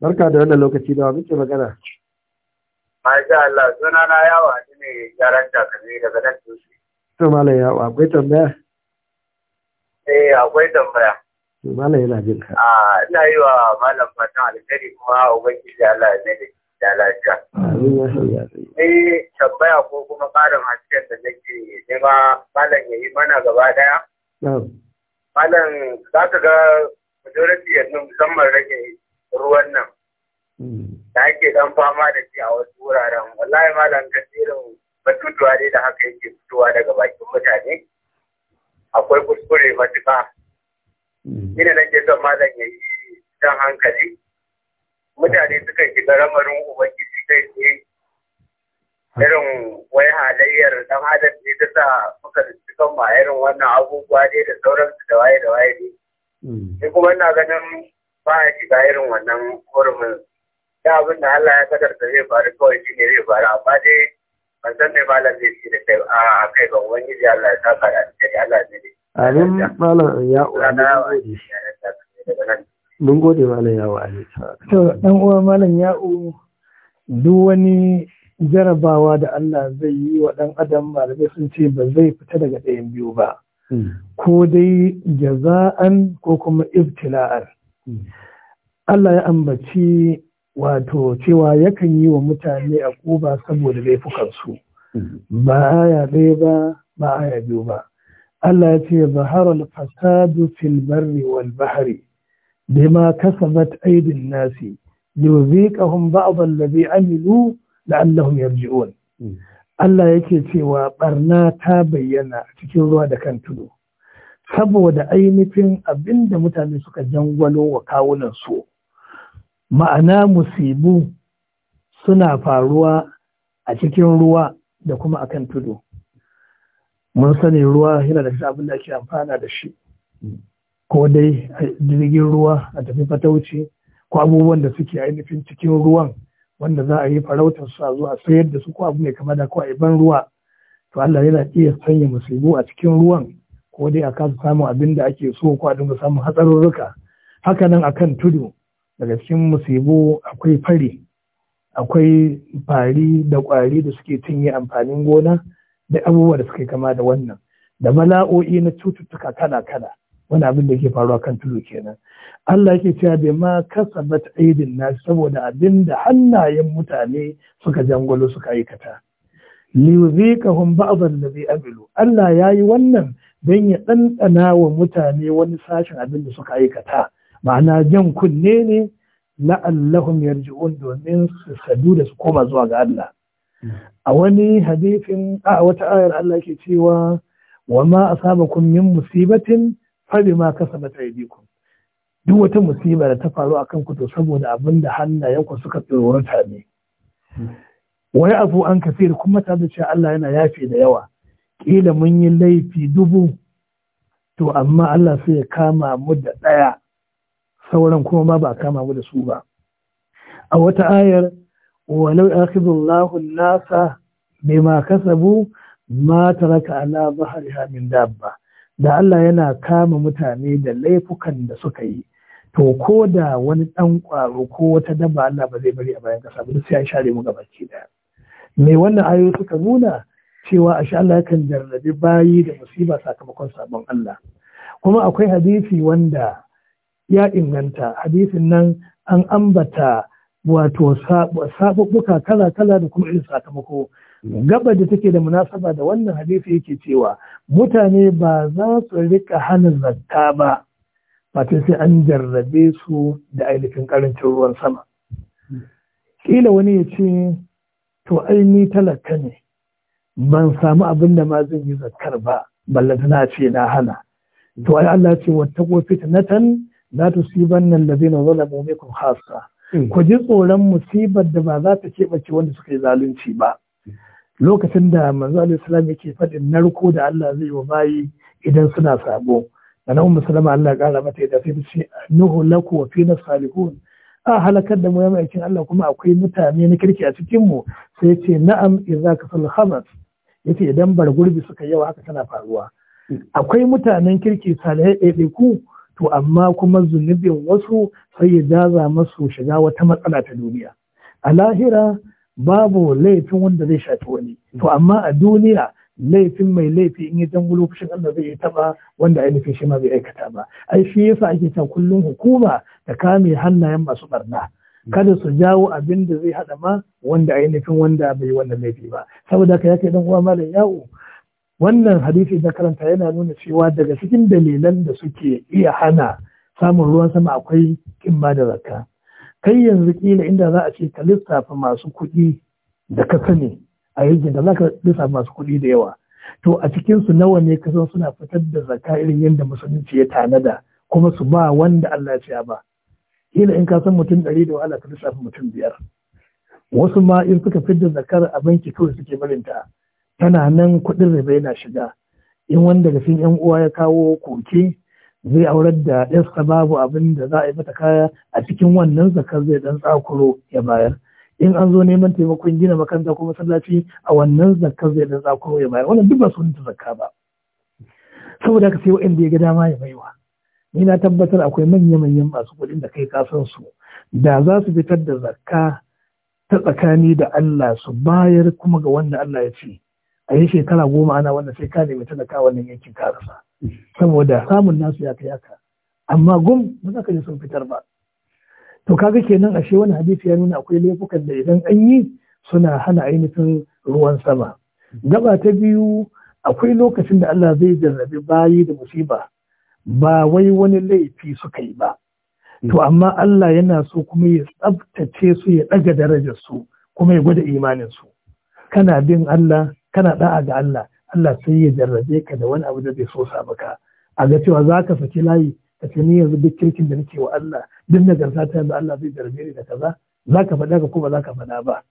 S3: Barka da wannan lokaci da wa muke magana.
S2: Masha Allah suna na yawa
S3: shi ne yaran takalmi daga nan tushe. To malam yawa akwai tambaya? Eh akwai tambaya. To malam yana jin ka. Ah ina yi wa malam fatan alheri kuma ubangiji Allah ne da da lafiya. Amin ya shirya. Eh tambaya ko kuma karin hasken da nake nema malam ya yi mana gaba daya. Malam za ka ga majority yanzu musamman rage ruwan nan. Hmm. da ake dan fama da shi a wasu wuraren wallahi malam kasirin batutuwa dai da haka yake fitowa daga bakin mutane akwai kuskure matuƙa mm. ina nake son malam ya yi dan hankali
S2: mutane suka shiga ramarin ubangiji kai tsaye irin
S3: wai halayyar dan adam ne ta sa muka cikin ma irin wannan abubuwa ne da sauransu da waye da waye ne. Mm. Ni kuma ina ganin ba a shiga irin wannan hurumin da abin da Allah ya da zai faru kawai shi ne zai faru amma dai ban san mai malam zai shi da kai a kai ga ubangiji Allah ya saka da da Allah ne amin
S1: malam ya
S3: ubangiji
S1: mun gode malam ya ubangiji to dan uwa malam ya duk wani jarabawa da Allah zai yi wa dan adam malamai sun ce ba zai fita daga ɗayan biyu ba hmm. ko dai jaza'an ko kuma ibtila'ar hmm. Allah ya ambaci wato cewa yakan yi wa mutane a ƙuba saboda laifukansu mm-hmm. ba aya ɗaya ba ba aya biyu ba Allah ya ce har fasadu fil barri wal bahari bima kasabat aidin nasi yuziqahum ba'd allazi amilu la'allahum yarji'un mm-hmm. Allah yake cewa barna ta bayyana cikin ruwa da kan tudu saboda ainihin abinda mutane suka jangwalo wa kawunan su ma'ana musibu suna faruwa a cikin ruwa da kuma a kan tudu mun sani ruwa yana da abin da ake amfana da shi ko dai a jirgin ruwa a tafi fatauci ko abubuwan da suke ainihin cikin ruwan wanda za a yi farautar su a zuwa sayar da su ko abu mai kama da ko a ban ruwa to Allah yana iya sanya musibu a cikin ruwan ko dai a kasa samun abin da ake so ko a dinga samun hatsarurruka haka nan a kan tudu daga cikin musibu akwai fari akwai fari da ƙwari da suke cinye amfanin gona da abubuwa da suke kama da wannan da bala'o'i na cututtuka kala-kala wani abin da ke faruwa kan tudu kenan Allah yake cewa bai ma kasabat aidin nasu saboda abin da hannayen mutane suka jangwalo suka aikata liyuziqahum da zai amilu Allah yayi wannan don ya ɗanɗana wa mutane wani sashen abin da suka aikata ma'ana jan kunne ne la'allahum yarji'un domin su sadu da su koma zuwa ga Allah a wani hadisin a wata ayar Allah ke cewa wa ma asabakum min musibatin fa bima kasabat aydikum duk wata musiba da ta faru akan ku to saboda abin da hannayenku suka tsorata ne wai abu an kafir kuma ta da cewa Allah yana yafe da yawa kila mun yi laifi dubu to amma Allah sai ya kama mu da ɗaya sauran kuma ma ba a kama mu da su ba a wata ayar walau akhidullahu nasa bima kasabu ma taraka ala zahriha min dabba da Allah yana kama mutane da laifukan da suka yi to ko da wani dan kwaro ko wata dabba Allah ba zai bari a bayan kasa ba sai an share mu gabaki da. me wannan ayoyi suka nuna cewa a sha Allah kan jarrabi bayi da musiba sakamakon sabon Allah kuma akwai hadisi wanda ya inganta hadisin nan an ambata wato sabubbuka kala-kala da kuma irin sakamako gaba da take da munasaba da wannan hadisi yake cewa mutane ba za su rika hana zakka ba fatan sai an jarrabe su da ainihin karancin ruwan sama kila wani ya ce to ni talaka ne ban samu abin da ma zan yi zakkar ba ballantana ce na hana to ai Allah ce wata ko fitnatan la tusibanna zai zalamu minkum khassa hmm. ku ji tsoron musibar da ba za ta keɓace wanda suka yi zalunci ba lokacin da manzo alaihi salam yake faɗin narko da Allah zai wa bayi idan suna sabo da nan salama Allah ya kara mata da sai ce nuhu laku wa fina salihun a halakar da mu ya mai Allah kuma akwai mutane na kirki a cikin mu sai ya ce na'am idza kasal khamas yace idan bargurbi gurbi suka yawa haka tana faruwa hmm. akwai mutanen kirki salihai ɗaiɗaiku to amma kuma zunubin wasu sai ya jaza masu shiga wata matsala ta duniya a lahira babu laifin wanda zai shafi wani to amma a duniya laifin mai laifi in ya jangulo fushin Allah zai yi taba wanda ainihin shi ma bai aikata ba ai shi yasa ake ta kullum hukuma da kame hannayen masu barna kada su jawo abin da zai hada ma wanda ainihin wanda bai wannan laifi ba saboda ka yake dan uwa malam yawo wannan hadisi na karanta yana nuna cewa daga cikin dalilan da suke iya hana samun ruwan sama akwai kimma da zakka kai yanzu kila inda za a ce ka lissafa masu kuɗi da ka sani a yankin da za ka lissafa masu kuɗi da yawa to a cikin su nawa ne ka san suna fitar da zakka irin yadda musulunci ya tanada kuma su ba wanda Allah ya ba kila in ka san mutum ɗari da wahala ka lissafa mutum biyar wasu ma in suka fitar da zakkar a banki kawai suke barinta tana nan kuɗin riba yana shiga in wanda da yan uwa ya kawo koke zai aurar da yarsa babu abin da za a yi mata kaya a cikin wannan zakar zai dan tsakuro ya bayar in an zo neman taimakon gina makaranta ko masallaci a wannan zakar zai dan tsakuro ya bayar wannan duk ba sunanta zakka ba saboda haka sai wa'anda ya ga dama ya baiwa ni na tabbatar akwai manya-manyan masu kuɗin da kai kasan su da za su fitar da zakka ta tsakani da Allah su bayar kuma ga wanda Allah ya ce a yi shekara goma ana wannan sai ka nemi talaka wannan yankin ka rasa saboda samun nasu ya kai haka amma gum ba za ka ji sun fitar ba to kaga kenan ashe wani hadisi ya nuna akwai laifukan da idan an yi suna hana ainihin ruwan sama gaba ta biyu akwai lokacin da Allah zai jarrabi bayi da musiba ba wai wani laifi suka yi ba to amma Allah yana so kuma ya tsabtace su ya ɗaga darajar su kuma ya gwada imanin su kana bin Allah kana da'a ga Allah Allah sai ya jarrabe ka da wani abu da bai so sa maka a ga cewa za ka saki layi ka ce ni yanzu duk kirkin da nake wa Allah duk nagarta ta yanzu Allah zai jarrabe ni da kaza za ka faɗa ka kuma za ka faɗa ba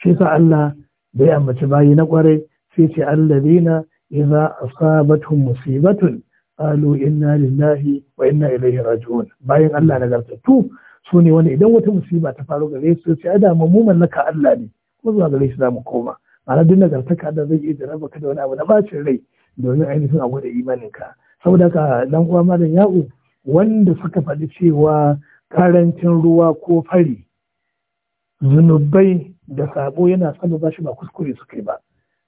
S1: shi yasa Allah bai ambaci bayi na kwarai sai ce allazina idza asabatuhum musibatun qalu inna lillahi wa inna ilaihi raji'un bayan Allah nagartattu su ne wani idan wata musiba ta faru gare su sai ada mu mallaka Allah ne ko zuwa gare shi za mu koma ma'ana duk nagartaka da zai iya jarraba ka da wani abu na bacin rai domin ainihin a gwada imaninka saboda ka dan uwa malam ya'u wanda suka faɗi cewa karancin ruwa ko fari zunubai da sabo yana ba shi ba kuskure su kai ba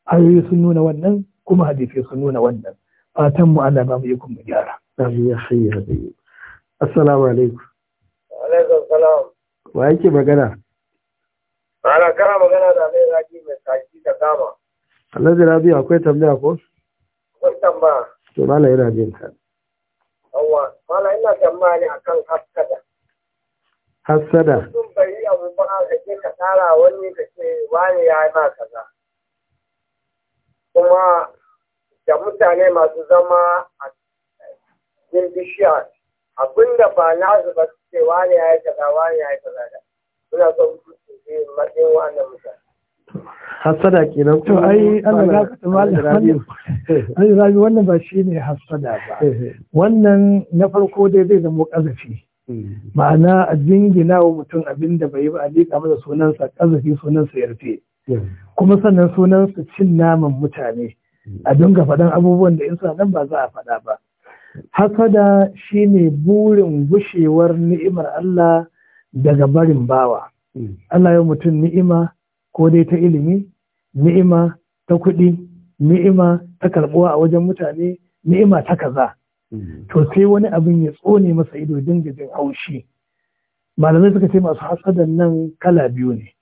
S1: ayoyi sun nuna wannan kuma hadisai sun nuna wannan fatan mu Allah ba mu yi kuma gyara amin ya hayya hadayi assalamu alaikum wa alaikum
S2: salam
S3: wa
S1: yake magana
S2: ana kara magana da kama
S1: alhaji rabi akwai tambaya ko
S2: akwai tambaya
S1: to mala yana jin ka
S3: yawa mala ina tambaya ne akan hassada hassada sun bai yi abu ba ke ka tsara wani da ke wani ya yi ma kaza kuma da mutane masu zama a cikin bishiya abinda ba na zuba cewa wani ya yi kaza wani ya yi kaza da suna son su matsayin wannan mutane
S1: hasada kenan ai Allah ka rabi wannan ba shine hasada ba eh, eh. wannan na farko dai zai zama kazafi hmm. ma'ana a jingina wa mutum abin da bai ba a liƙa masa sunansa kazafi sunansa yarfe hmm. kuma sannan sunansa cin naman mutane hmm. a dinga faɗan abubuwan da in nan ba za a faɗa ba hasada shine burin gushewar ni'imar Allah daga barin bawa Allah ya mutum ni'ima ko dai ta ilimi ni'ima ta kuɗi ni'ima ta karɓuwa a wajen mutane ni'ima ta kaza mm-hmm. to sai wani abin ya tsone masa ido dinga jin haushi malamai suka ce masu hasadan nan kala biyu ne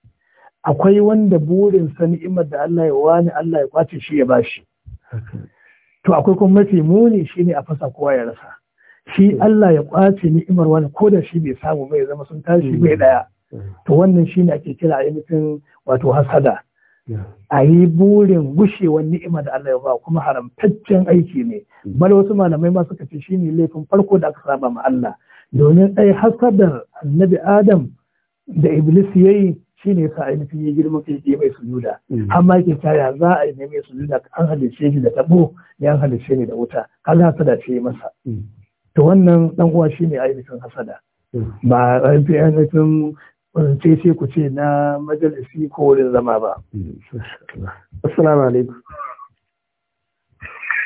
S1: akwai wanda burinsa ni'imar da Allah ya wani Allah ya kwace shi ya bashi to akwai kuma mafi muni shine a fasa kowa ya rasa shi mm-hmm. Allah ya kwace ni'imar wani ko da shi bai samu bai zama sun tashi bai mm-hmm. daya to wannan shi ne ake kira ainihin wato hasada a yi burin gushewar ni'ima da Allah ya ba kuma haramtaccen aiki ne mm. bal wasu malamai ma suka ce shine laifin farko da aka saba ma Allah domin ai hasadar annabi Adam da Iblis yayi shine yasa ainihin ya girma kai je mai sujuda mm. amma yake tsaya za a yi mai sujuda an halice shi da tabo ya halice ne da wuta kaga hasada ce masa mm. to wannan dan uwa shine ainihin hasada
S3: ba ainihin
S1: ce sai ku ce na majalisi ko wurin zama ba. Assalamu alaikum.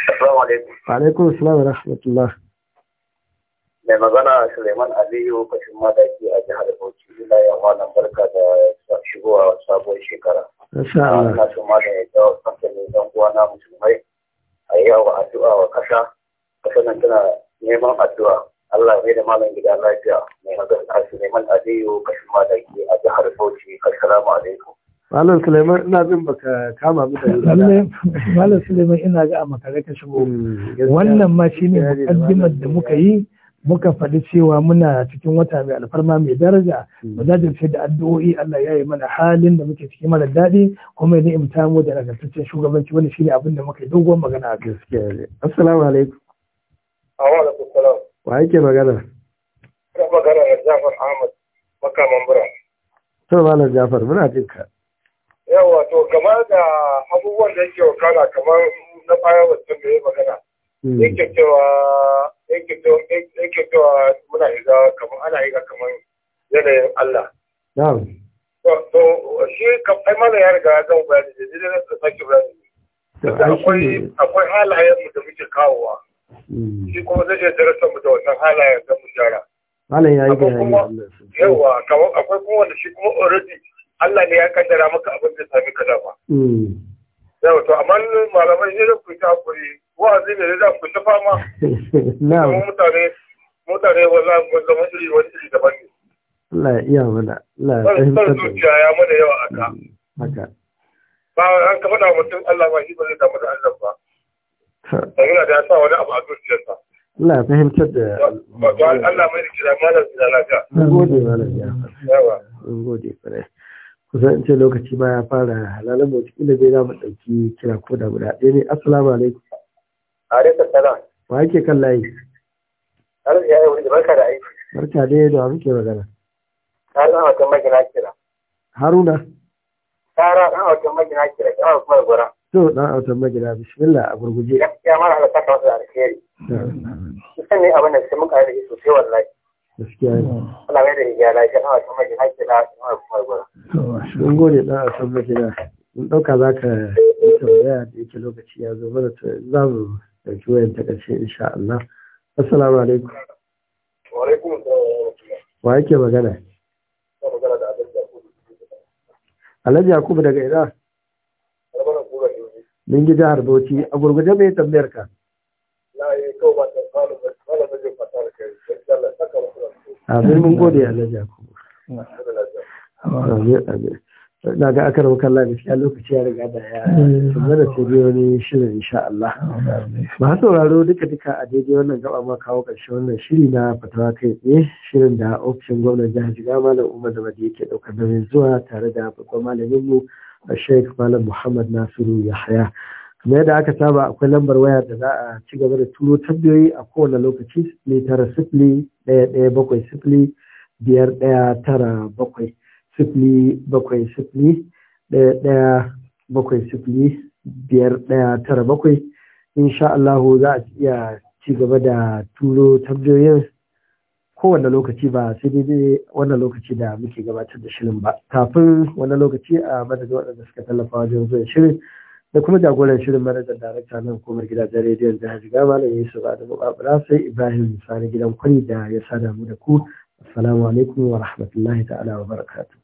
S1: Assalamu alaikum.
S3: Wa alaikum assalam wa rahmatullah. Mai magana Suleiman Aliyu kashin madaki a jihar Bauchi ina yan wannan barka da shigowa sabuwar shekara.
S1: Insha Allah. Ina
S3: so malam ya jawo kamfanin dan uwa na musulmai a yi addu'a wa kasa. Kasar nan tana neman addu'a. Allah ya da malam gida lafiya mai magana kashi neman adiyo da ke a jihar Bauchi assalamu alaikum
S1: Malam Suleiman ina jin baka kama mu da Malam Suleiman ina ga a makare ka shigo hmm, wannan ma shine mukaddimar da muka yi muka faɗi cewa muna cikin wata mai alfarma mai daraja za hmm. jajirce da addu'o'i Allah ya yi mana halin da muke cikin mara daɗi kuma ya ni'imta mu da nagartaccen shugabanci wani shine abin da muka yi dogon magana a gaskiya assalamu alaikum
S2: Awa alaikum salam
S1: wa yake magana
S2: ina magana da Jafar Ahmad makaman bura
S1: to malam Jafar muna jin ka
S2: yawa to kamar da abubuwan da yake wakana kamar na baya wacce da magana hmm. yake cewa yake cewa muna iga kamar ana iga kamar yanayin Allah na'am to shi kamar mana ya riga zama bayani da jirin da sake
S3: bayani
S2: akwai halayen mu da muke kawowa
S3: shi hmm.
S2: kuma zai iya darasa mu da wannan halayen da mun gyara halayen ya yi ga hanyar yawa kamar akwai kuma wanda shi kuma already Allah ne ya kaddara maka abin da sami ka dama hmm. yawa to amma malamai ne da ku ta hakuri wa'azi ne da ku ta fama na'am mutane mutane wallahi mun zama iri wani iri daban ne
S3: Allah ya iya mana Allah ya fahimtar da zuciya
S2: ya mana yawa aka hmm. haka ba an ka faɗa mutum Allah ba shi ba zai damu da Allah ba Allah da ya sa wani abu a zuciyarsa Allah ya
S1: fahimtar da
S2: Allah mai kira malam da lafiya mun gode malam ya yawa
S1: mun gode kare kusan ce lokaci ma ya fara halalan mu kila bai za mu ɗauki kira ko da guda ɗaya ne assalamu alaikum alaikum salam wa yake kan layi
S3: Allah ya yi da barka da aiki
S1: barka dai da muke magana
S3: Haruna wata magina kira Haruna Tara ɗan wata magina kira, ɗan wata magina to dan autan magida bismillah a gurguje ya mara Allah saka masa alheri kusan ne abin da sai muka yi sosai wallahi gaskiya ne Allah mai da riga lafiya na autan magida ke na kuma kuma gura
S1: to mun gode dan autan magida mun dauka zaka yi tambaya da yake lokaci ya zo mana za mu dauki wayan ta karshe insha Allah assalamu alaikum
S2: wa alaikum assalam
S1: wa yake magana Alhaji Yakubu daga Iran. mun ji jihar Bauchi a gurguje mai tambayar ka
S2: abin mun gode ya
S1: na ga aka rabu kalla gaskiya lokaci ya riga da ya mana da biyo ne shirin insha Allah ba sauraro duka duka a daidai wannan gaba ma kawo ƙarshe wannan shiri na fatawa kai tsaye shirin da ofishin gwamnan jihar Jigawa malam Umar da Bade yake ɗaukar nauyin zuwa tare da babban malamin mu Sheikh Malam Muhammad Nasiru Yahaya. Kuma yadda aka saba akwai lambar waya da za a ci gaba da turo tambayoyi a kowane lokaci sifili tara sifili ɗaya ɗaya bakwai sifili biyar ɗaya tara bakwai sifili bakwai sifili ɗaya ɗaya bakwai sifili biyar ɗaya tara bakwai. Insha Allah za a iya ci gaba da turo tambayoyin kowane lokaci ba sai dai dai wannan lokaci da muke gabatar da shirin ba kafin wannan lokaci a madadin waɗanda suka tallafa wajen zuwa shirin da kuma jagoran shirin manajan darakta nan hukumar gidajen rediyon jihar jigawa malam ba da mabaɓura sai ibrahim sani gidan kwari da ya sada mu da ku assalamu alaikum wa rahmatullahi ta'ala wa
S2: barakatu